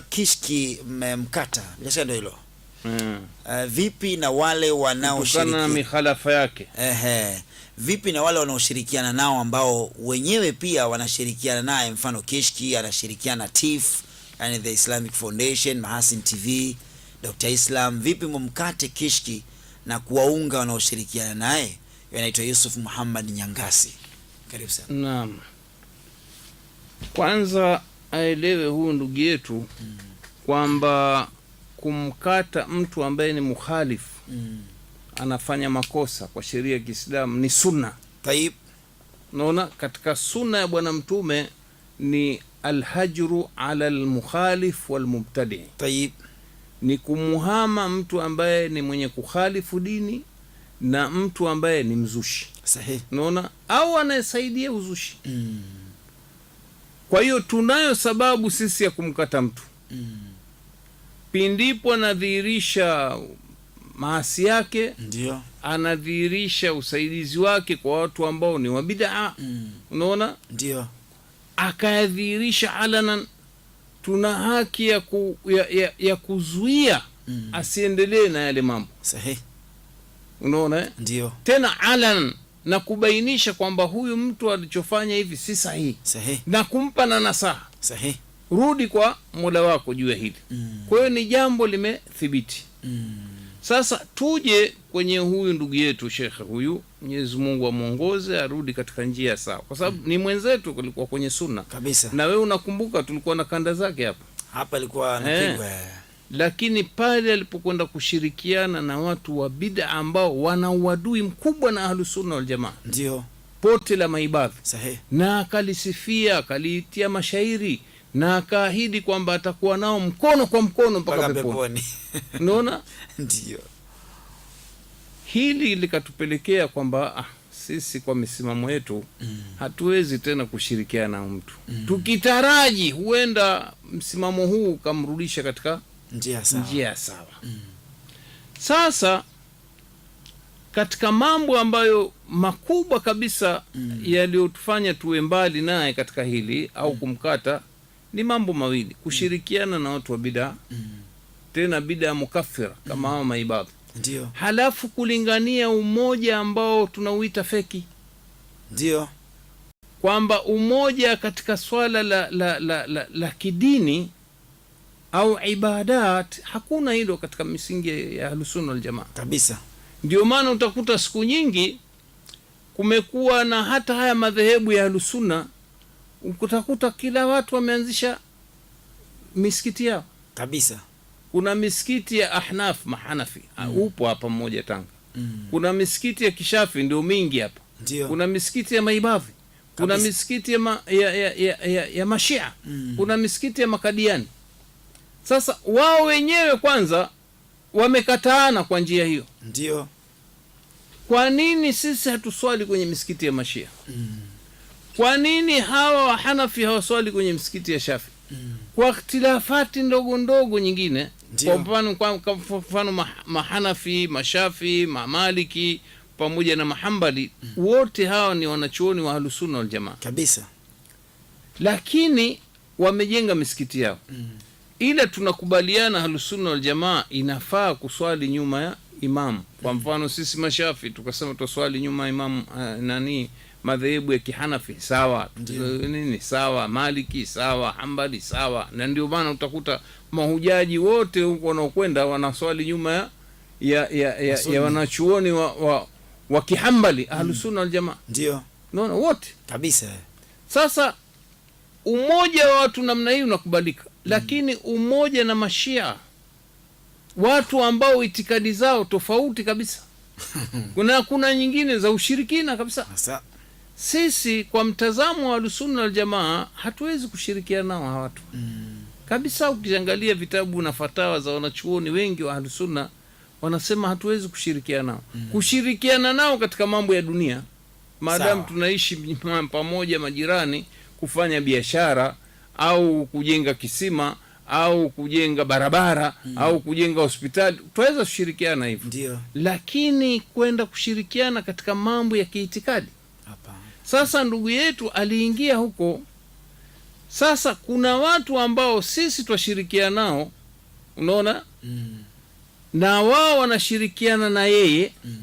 kishki mmemkata, bila shaka ndio hilo mm. Uh, vipi na wale wanaoshirikiana mihalafa yake ehe, vipi na wale wanaoshirikiana nao ambao wenyewe pia wanashirikiana naye, mfano kishki anashirikiana TIF, yani the Islamic Foundation, Mahasin TV, Dr. Islam, vipi mumkate kishki na kuwaunga wanaoshirikiana naye? Anaitwa Yusuf Muhammad Nyangasi, karibu sana. Naam, kwanza aelewe huyu ndugu yetu mm. kwamba kumkata mtu ambaye ni mukhalifu mm. anafanya makosa kwa sheria ya Kiislamu ni sunna. Taib, naona katika sunna ya Bwana Mtume ni alhajru ala lmukhalif walmubtadii. Taib, ni kumuhama mtu ambaye ni mwenye kukhalifu dini na mtu ambaye ni mzushi. naona au anayesaidia uzushi mm. Kwa hiyo tunayo sababu sisi ya kumkata mtu mm. Pindipo anadhihirisha maasi yake, ndio anadhihirisha usaidizi wake kwa watu ambao ni wabidaa mm. Unaona, ndio akayadhihirisha alanan. Tuna haki ya, ku, ya, ya, ya kuzuia mm. asiendelee na yale mambo sahihi. Unaona, eh? ndio tena alanan na kubainisha kwamba huyu mtu alichofanya hivi si sahihi, na kumpa na nasaha sahihi, rudi kwa mola wako juu ya hili mm. Kwa hiyo ni jambo limethibiti mm. Sasa tuje kwenye huyu ndugu yetu shekhe huyu, Mwenyezi Mungu amwongoze arudi katika njia sawa, kwa sababu mm. ni mwenzetu, kulikuwa kwenye sunna kabisa. Na wewe unakumbuka tulikuwa na kanda zake hapa hapa, alikuwa anapigwa eh lakini pale alipokwenda kushirikiana na watu wa bida ambao wana uadui mkubwa na ahlusunna waljamaa, ndio pote la maibadhi na akalisifia akaliitia mashairi na akaahidi kwamba atakuwa nao mkono kwa mkono mpaka peponi. Unaona, ndio hili likatupelekea kwamba ah, sisi kwa misimamo yetu mm. hatuwezi tena kushirikiana na mtu mm. tukitaraji huenda msimamo huu ukamrudisha katika njia sawa, njia sawa. Mm. Sasa katika mambo ambayo makubwa kabisa mm. yaliyotufanya tuwe mbali naye katika hili au mm. kumkata ni mambo mawili, kushirikiana mm. na watu wa bidaa mm. tena bidaa mukafira kama mm. hawa mm. maibadhi ndio, halafu kulingania umoja ambao tunauita feki, ndio kwamba umoja katika swala la, la, la, la, la kidini au ibadat, hakuna hilo katika misingi ya Ahlusunna Waljamaa kabisa. Ndio maana utakuta siku nyingi kumekuwa na hata haya madhehebu ya Ahlusunna, utakuta kila watu wameanzisha misikiti yao kabisa. Kuna misikiti ya Ahnaf Mahanafi ah, mm. upo hapa mmoja Tanga mm. kuna misikiti ya Kishafi ndio mingi hapa Ndiyo. kuna misikiti ya Maibavi kuna misikiti ya, ma, ya, ya, ya, ya, ya Mashia mm. kuna misikiti ya Makadiani sasa wao wenyewe kwanza wamekataana kwa njia hiyo. Ndio kwa nini sisi hatuswali kwenye misikiti ya Mashia? mm. Kwa nini hawa Wahanafi hawaswali kwenye misikiti ya Shafi? mm. Kwa ktilafati ndogo ndogo nyingine. Ndiyo. Kwa mfano Mahanafi, Mashafi, Mamaliki pamoja na Mahambali mm. wote hawa ni wanachuoni wa Ahlusunna Waljamaa kabisa, lakini wamejenga misikiti yao mm ila tunakubaliana halusunna Waljamaa inafaa kuswali nyuma ya imamu. Kwa mfano sisi Mashafi tukasema tuswali nyuma ya imamu uh, eh, nani madhehebu ya Kihanafi sawa, eh, nini sawa, Maliki sawa, Hambali sawa, na ndio maana utakuta mahujaji wote huko wanaokwenda wanaswali nyuma ya ya, ya, ya, ya wanachuoni wa, wa, wa Kihambali Ahlusunna mm. Waljamaa ndio naona wote kabisa. Sasa umoja wa watu namna hii unakubalika lakini umoja na mashia watu ambao itikadi zao tofauti kabisa kuna kuna nyingine za ushirikina kabisa. Sisi kwa mtazamo wa Ahlusunna Waljamaa hatuwezi kushirikiana nao hawa watu mm. kabisa. Ukiangalia vitabu na fatawa za wanachuoni wengi wa Ahlusunna wanasema hatuwezi kushirikiana nao mm. kushirikiana nao katika mambo ya dunia maadamu tunaishi pamoja, majirani, kufanya biashara au kujenga kisima au kujenga barabara mm. au kujenga hospitali, tunaweza kushirikiana hivyo ndio, lakini kwenda kushirikiana katika mambo ya kiitikadi Sasa ndugu yetu aliingia huko. Sasa kuna watu ambao sisi twashirikiana nao, unaona mm. na wao wanashirikiana na yeye mm.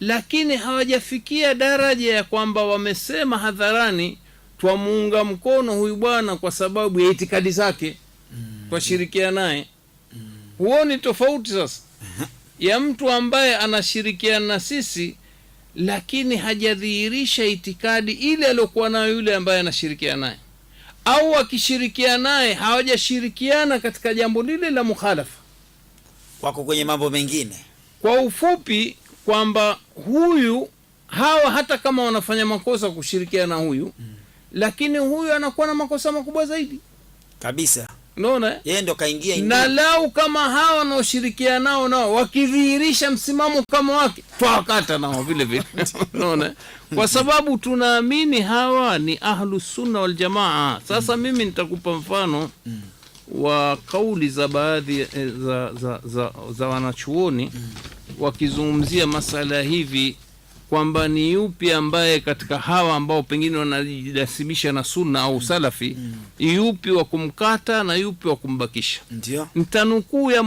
lakini hawajafikia daraja ya kwamba wamesema hadharani twamuunga mkono huyu bwana kwa sababu ya itikadi zake, mm. twashirikia naye. Mm. Huoni tofauti sasa ya mtu ambaye anashirikiana na sisi lakini hajadhihirisha itikadi ile aliyokuwa nayo yule ambaye anashirikiana naye, au akishirikiana naye hawajashirikiana katika jambo lile la mukhalafa, wako kwenye mambo mengine. Kwa ufupi kwamba huyu hawa hata kama wanafanya makosa kushirikiana huyu mm lakini huyu anakuwa na makosa makubwa zaidi kabisa. Unaona, eh? yeye ndo kaingia na lau kama hawa wanaoshirikiana nao nao wakidhihirisha msimamo kama wake twawakata nao vile vile. Unaona, eh? kwa sababu tunaamini hawa ni ahlusunna waljamaa. Sasa mm. mimi nitakupa mfano mm. wa kauli za baadhi eh, za, za, za, za wanachuoni mm. wakizungumzia masala hivi kwamba ni yupi ambaye katika hawa ambao pengine wanajidasimisha na Sunna au Salafi mm. yupi wa kumkata na yupi wa kumbakisha. Ndio mtanukuu ya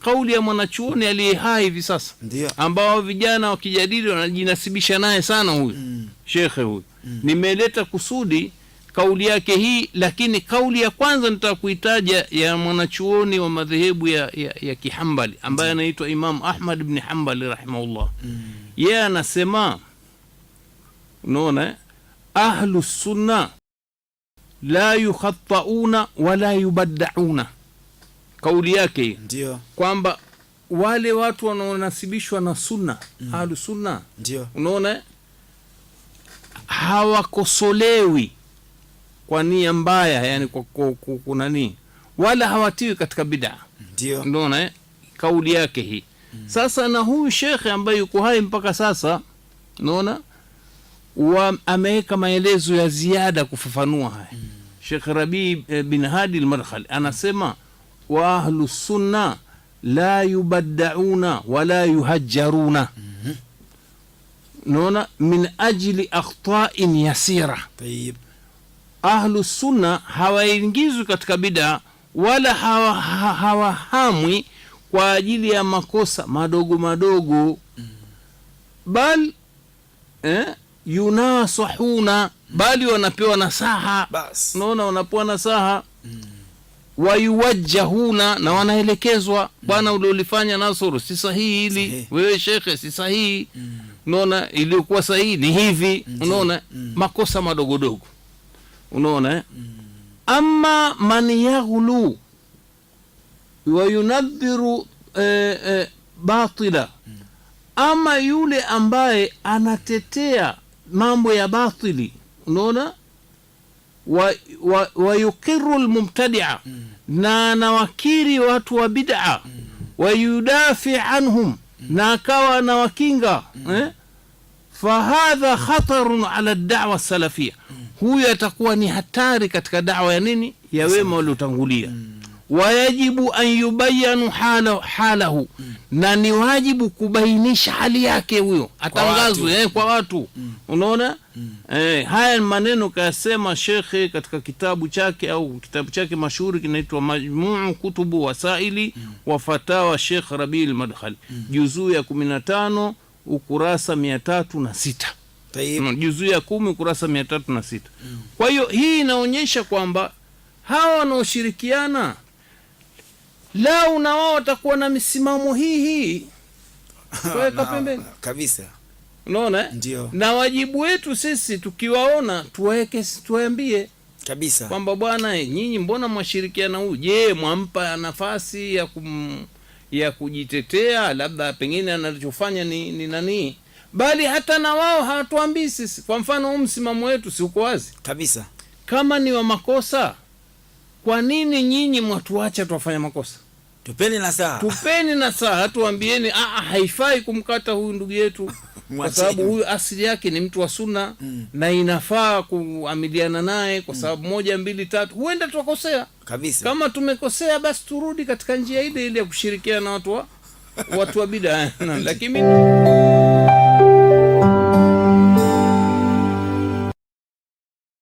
kauli ya mwanachuoni aliye hai hivi sasa, ambao vijana wakijadili wanajinasibisha naye sana huyu mm. shekhe huyu mm. nimeleta kusudi kauli yake hii, lakini kauli ya kwanza nitaka kuitaja ya mwanachuoni wa madhehebu ya, ya, ya Kihambali ambaye anaitwa Imam Ahmad bni Hambali rahimahullah mm. yeye anasema unaona, ahlu sunna la yukhatauna wala yubaddauna. Kauli yake hii kwamba wale watu wanaonasibishwa na sunna mm. ahlu sunna, ndio unaona, hawakosolewi kwa nia mbaya, yani kwa kunanii, wala hawatiwi katika bid'a. Ndio unaona eh, kauli yake hii mm. Sasa na huyu shekhe ambaye yuko hai mpaka sasa, unaona ameweka maelezo ya ziada kufafanua haya mm. Shekh Rabii eh, bin Hadi al-Madkhali anasema wa ahlu sunna la yubaddauna wala yuhajjaruna mm -hmm. naona min ajli akhtain yasira Taib ahlu sunna hawaingizwi katika bidaa wala hawahamwi hawa kwa ajili ya makosa madogo madogo mm. bal eh, yunasahuna mm. bali wanapewa nasaha, unaona, wanapewa nasaha mm. wayuwajahuna na wanaelekezwa mm. bwana, uliolifanya Nasuru si sahihi hili, wewe shekhe si sahihi mm. unaona, iliyokuwa sahihi ni hivi mm. unaona mm. makosa madogodogo Unaona eh? Amma man yaghlu wa yunadhiru eh, eh, batila Ama yule ambaye anatetea mambo ya batili, unaona wa, wa, wa yukiru lmubtadia mm. na anawakiri watu wa bid'a mm. wa yudafi anhum mm. na akawa anawakinga mm. eh? fahadha khatarun ala dawa salafia, huyu atakuwa ni hatari katika dawa ya nini, ya wema waliotangulia. wayajibu an yubayanu halahu, halahu. Mm. na ni wajibu kubainisha hali yake, huyo atangazwe kwa watu Mm. Unaona mm. Eh, haya maneno kayasema shekhe katika kitabu chake au kitabu chake mashuhuri kinaitwa Majmuu Kutubu Wasaili mm. wa Fatawa Shekh Rabii Lmadkhali mm. juzuu ya kumi na tano ukurasa mia tatu na sita juzuu ya kumi ukurasa mia tatu na sita mm. Kwa hiyo hii inaonyesha kwamba hawa wanaoshirikiana lau na wao watakuwa na misimamo hii hii kaweka pembeni kabisa, unaona eh? na wajibu wetu sisi tukiwaona tuwaeke, tuwaambie kabisa kwamba bwana, eh, nyinyi mbona mwashirikiana huyu? Je, mwampa nafasi ya kum ya kujitetea, labda pengine anachofanya ni, ni nani, bali hata na wao hawatuambii sisi. Kwa mfano, huu msimamo wetu si uko wazi kabisa? Kama ni wa makosa, kwa nini nyinyi mwatuacha tuwafanya makosa? Tupeni saa tupeni saa tuambieni a, ah, ah, haifai kumkata huyu ndugu yetu kwa sababu huyu asili yake ni mtu wa suna mm. na inafaa kuamiliana naye kwa hmm. sababu mm. moja, mbili, tatu. Huenda tukakosea kabisa. Kama tumekosea, basi turudi katika njia ile ile ya kushirikiana na watu wa watu wa bidaa lakini